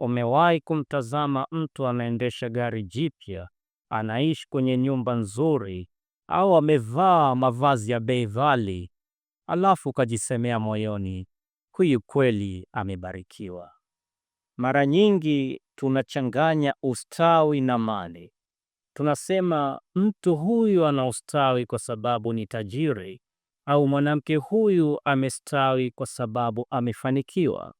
Umewahi kumtazama mtu anaendesha gari jipya, anaishi kwenye nyumba nzuri, au amevaa mavazi ya bei ghali, alafu ukajisemea moyoni, huyu kweli amebarikiwa. Mara nyingi tunachanganya ustawi na mali. Tunasema mtu huyu ana ustawi kwa sababu ni tajiri, au mwanamke huyu amestawi kwa sababu amefanikiwa.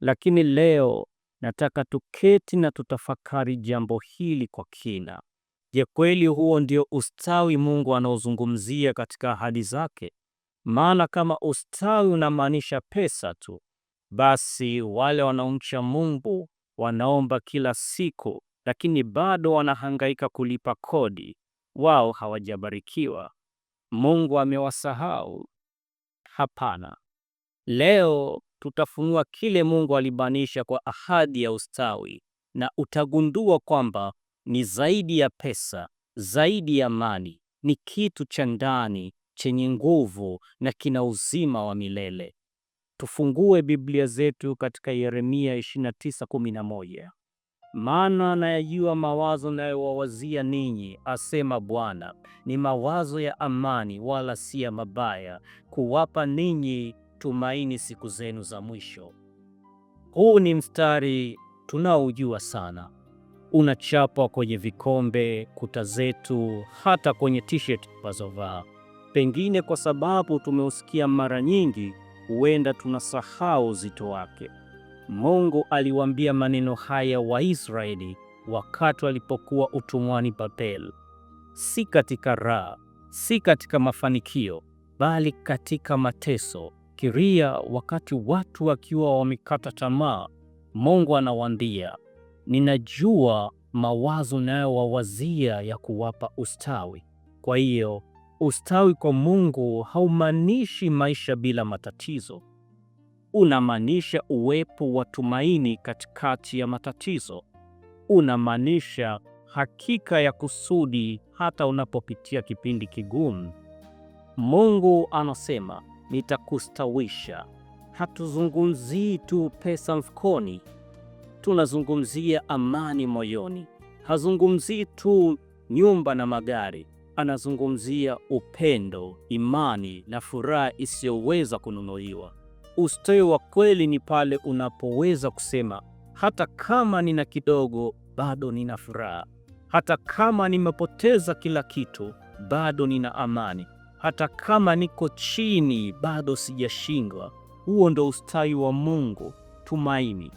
Lakini leo Nataka tuketi na tutafakari jambo hili kwa kina. Je, kweli huo ndio ustawi Mungu anaozungumzia katika ahadi zake? Maana kama ustawi unamaanisha pesa tu, basi wale wanaomcha Mungu wanaomba kila siku, lakini bado wanahangaika kulipa kodi, wao hawajabarikiwa. Mungu amewasahau? Hapana. Leo tutafunua kile Mungu alibanisha kwa ahadi ya ustawi, na utagundua kwamba ni zaidi ya pesa, zaidi ya mali, ni kitu cha ndani chenye nguvu na kina uzima wa milele. Tufungue Biblia zetu katika Yeremia 29:11. Maana anayajua mawazo nayowawazia ninyi, asema Bwana, ni mawazo ya amani, wala si ya mabaya, kuwapa ninyi tumaini siku zenu za mwisho. Huu ni mstari tunaoujua sana, unachapwa kwenye vikombe, kuta zetu, hata kwenye t-shirt tunazovaa. Pengine kwa sababu tumeusikia mara nyingi, huenda tunasahau uzito wake. Mungu aliwaambia maneno haya Waisraeli wakati walipokuwa utumwani babel si katika raha, si katika mafanikio, bali katika mateso Fikiria wakati watu wakiwa wamekata tamaa, Mungu anawaambia, ninajua mawazo nayowawazia ya kuwapa ustawi. Kwa hiyo ustawi kwa Mungu haumaanishi maisha bila matatizo, unamaanisha uwepo wa tumaini katikati ya matatizo, unamaanisha hakika ya kusudi hata unapopitia kipindi kigumu. Mungu anasema nitakustawisha. Hatuzungumzii tu pesa mfukoni, tunazungumzia amani moyoni. Hazungumzii tu nyumba na magari, anazungumzia upendo, imani na furaha isiyoweza kununuliwa. Ustawi wa kweli ni pale unapoweza kusema hata kama nina kidogo, bado nina furaha. Hata kama nimepoteza kila kitu, bado nina amani hata kama niko chini bado sijashindwa. Huo ndo ustawi wa Mungu. Tumaini.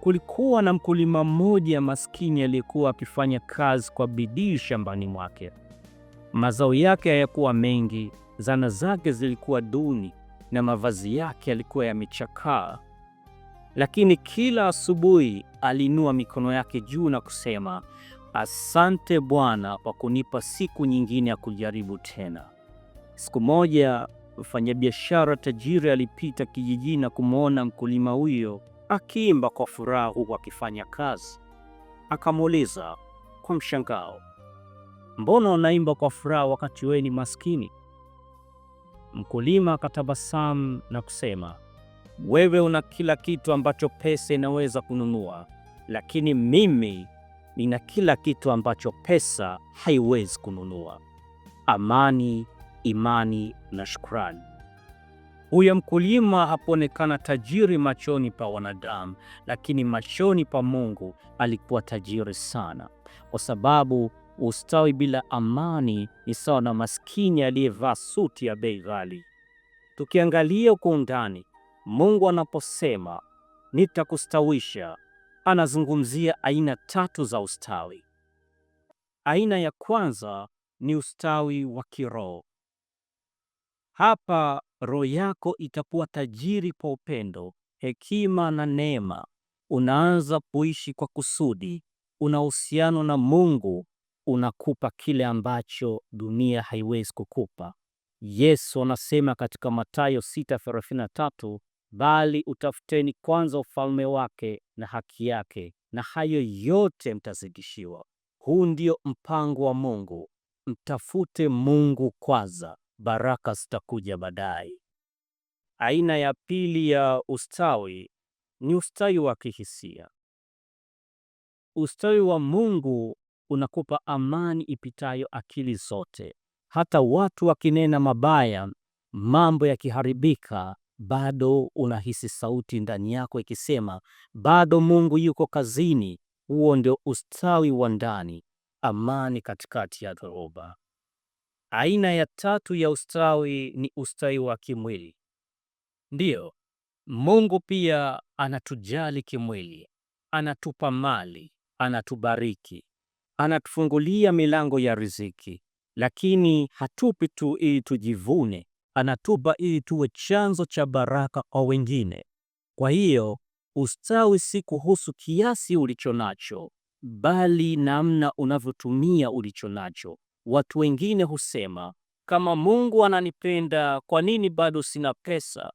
Kulikuwa na mkulima mmoja maskini aliyekuwa akifanya kazi kwa bidii shambani mwake. Mazao yake hayakuwa mengi, zana zake zilikuwa duni na mavazi yake yalikuwa yamechakaa, lakini kila asubuhi alinua mikono yake juu na kusema, asante Bwana kwa kunipa siku nyingine ya kujaribu tena. Siku moja mfanyabiashara tajiri alipita kijijini na kumwona mkulima huyo akiimba kwa furaha huku akifanya kazi. Akamuuliza kwa mshangao, mbona unaimba kwa furaha wakati wewe ni maskini? Mkulima akatabasamu na kusema, wewe una kila kitu ambacho pesa inaweza kununua, lakini mimi nina kila kitu ambacho pesa haiwezi kununua: amani imani na shukrani. Huyo mkulima hakuonekana tajiri machoni pa wanadamu, lakini machoni pa Mungu alikuwa tajiri sana, kwa sababu ustawi bila amani ni sawa na maskini aliyevaa suti ya bei ghali. Tukiangalia kwa undani, Mungu anaposema nitakustawisha, anazungumzia aina tatu za ustawi. Aina ya kwanza ni ustawi wa kiroho. Hapa roho yako itakuwa tajiri kwa upendo, hekima na neema. Unaanza kuishi kwa kusudi, una uhusiano na Mungu, unakupa kile ambacho dunia haiwezi kukupa. Yesu anasema katika Mathayo 6:33, bali utafuteni kwanza ufalme wake na haki yake, na hayo yote mtazidishiwa. Huu ndio mpango wa Mungu. Mtafute Mungu kwanza baraka zitakuja baadaye. Aina ya pili ya ustawi ni ustawi wa kihisia. Ustawi wa Mungu unakupa amani ipitayo akili zote. Hata watu wakinena mabaya, mambo yakiharibika, bado unahisi sauti ndani yako ikisema bado Mungu yuko kazini. Huo ndio ustawi wa ndani, amani katikati ya dhoruba. Aina ya tatu ya ustawi ni ustawi wa kimwili. Ndiyo, Mungu pia anatujali kimwili, anatupa mali, anatubariki, anatufungulia milango ya riziki, lakini hatupi tu ili tujivune, anatupa ili tuwe chanzo cha baraka kwa wengine. Kwa hiyo ustawi si kuhusu kiasi ulicho nacho, bali namna unavyotumia ulicho nacho. Watu wengine husema kama Mungu ananipenda, kwa nini bado sina pesa?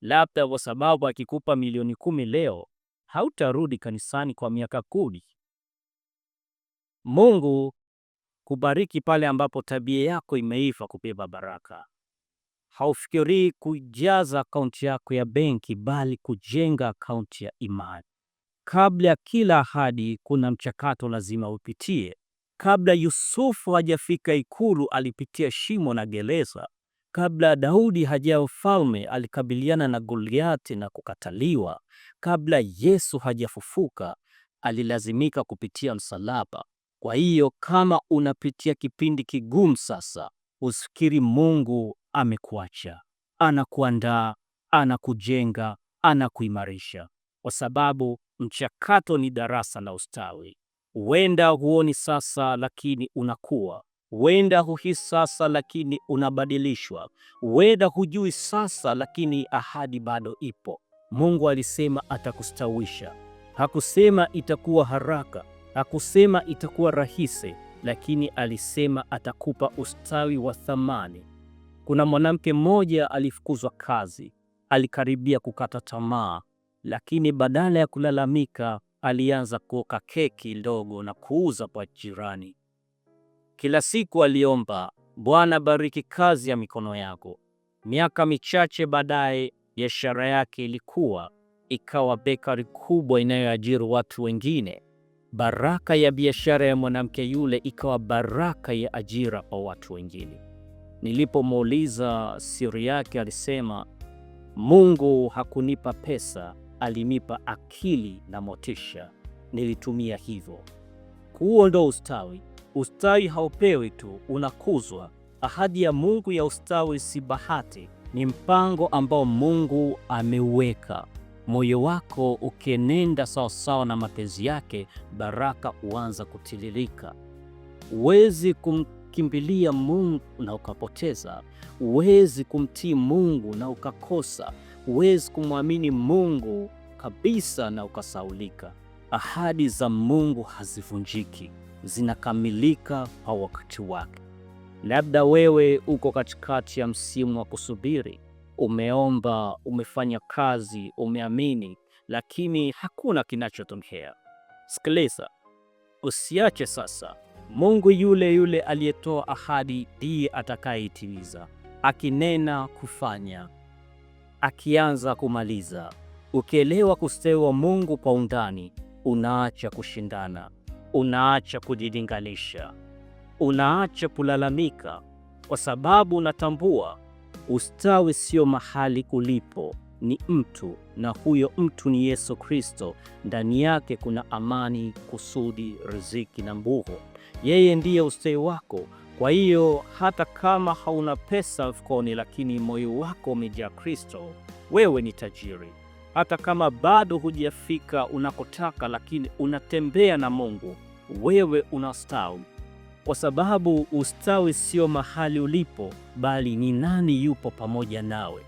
Labda kwa sababu akikupa milioni kumi leo hautarudi kanisani kwa miaka kumi. Mungu kubariki pale ambapo tabia yako imeiva kubeba baraka. Haufikirii kujaza akaunti yako ya benki, bali kujenga akaunti ya imani. Kabla ya kila ahadi, kuna mchakato lazima upitie. Kabla Yusufu hajafika ikulu, alipitia shimo na gereza. Kabla Daudi hajawa ufalme alikabiliana na Goliati na kukataliwa. Kabla Yesu hajafufuka, alilazimika kupitia msalaba. Kwa hiyo kama unapitia kipindi kigumu sasa, usifikiri Mungu amekuacha. Anakuandaa, anakujenga, anakuimarisha, kwa sababu mchakato ni darasa la ustawi. Huenda huoni sasa, lakini unakuwa. Huenda huhisi sasa, lakini unabadilishwa. Huenda hujui sasa, lakini ahadi bado ipo. Mungu alisema atakustawisha. Hakusema itakuwa haraka, hakusema itakuwa rahisi, lakini alisema atakupa ustawi wa thamani. Kuna mwanamke mmoja alifukuzwa kazi, alikaribia kukata tamaa, lakini badala ya kulalamika alianza kuoka keki ndogo na kuuza kwa jirani. Kila siku aliomba, Bwana bariki kazi ya mikono yako. Miaka michache baadaye, biashara yake ilikuwa ikawa bekari kubwa inayoajiri watu wengine. Baraka ya biashara ya mwanamke yule ikawa baraka ya ajira kwa watu wengine. Nilipomuuliza siri yake, alisema Mungu hakunipa pesa alinipa akili na motisha, nilitumia hivyo. Huo ndo ustawi. Ustawi haupewi tu, unakuzwa. Ahadi ya Mungu ya ustawi si bahati, ni mpango ambao Mungu ameuweka. Moyo wako ukienenda sawasawa na mapenzi yake, baraka huanza kutiririka. Huwezi kumkimbilia Mungu na ukapoteza, huwezi kumtii Mungu na ukakosa huwezi kumwamini Mungu kabisa na ukasaulika. Ahadi za Mungu hazivunjiki, zinakamilika kwa wakati wake. Labda wewe uko katikati ya msimu wa kusubiri. Umeomba, umefanya kazi, umeamini, lakini hakuna kinachotokea. Sikiliza, usiache sasa. Mungu yule yule aliyetoa ahadi ndiye atakayeitimiza, akinena kufanya akianza kumaliza. Ukielewa kustewa Mungu kwa undani, unaacha kushindana, unaacha kujilinganisha, unaacha kulalamika, kwa sababu unatambua ustawi sio mahali ulipo, ni mtu, na huyo mtu ni Yesu Kristo. Ndani yake kuna amani, kusudi, riziki na nguvu. Yeye ndiye ustawi wako. Kwa hiyo hata kama hauna pesa mfukoni, lakini moyo wako umejaa Kristo, wewe ni tajiri. Hata kama bado hujafika unakotaka, lakini unatembea na Mungu, wewe unastawi, kwa sababu ustawi sio mahali ulipo, bali ni nani yupo pamoja nawe.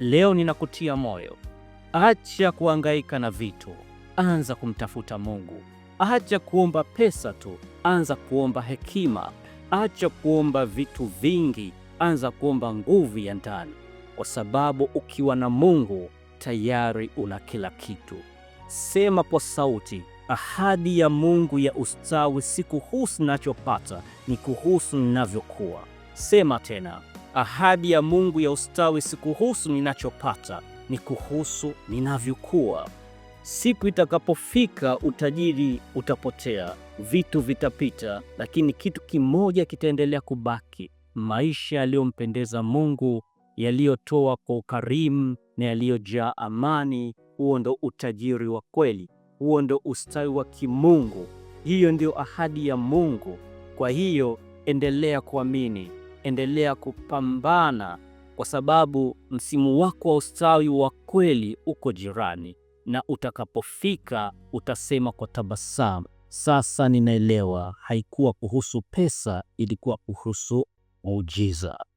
Leo ninakutia moyo, acha kuangaika na vitu, anza kumtafuta Mungu. Acha kuomba pesa tu, anza kuomba hekima Acha kuomba vitu vingi, anza kuomba nguvu ya ndani, kwa sababu ukiwa na Mungu tayari una kila kitu. Sema kwa sauti, ahadi ya Mungu ya ustawi si kuhusu ninachopata ni kuhusu ninavyokuwa. Sema tena, ahadi ya Mungu ya ustawi si kuhusu ninachopata, ni kuhusu ninavyokuwa. Siku itakapofika utajiri utapotea, vitu vitapita, lakini kitu kimoja kitaendelea kubaki: maisha yaliyompendeza Mungu, yaliyotoa kwa ukarimu na yaliyojaa amani. Huo ndo utajiri wa kweli, huo ndo ustawi wa kimungu, hiyo ndio ahadi ya Mungu. Kwa hiyo endelea kuamini, endelea kupambana, kwa sababu msimu wako wa ustawi wa kweli uko jirani na utakapofika utasema kwa tabasamu, sasa ninaelewa, haikuwa kuhusu pesa, ilikuwa kuhusu muujiza.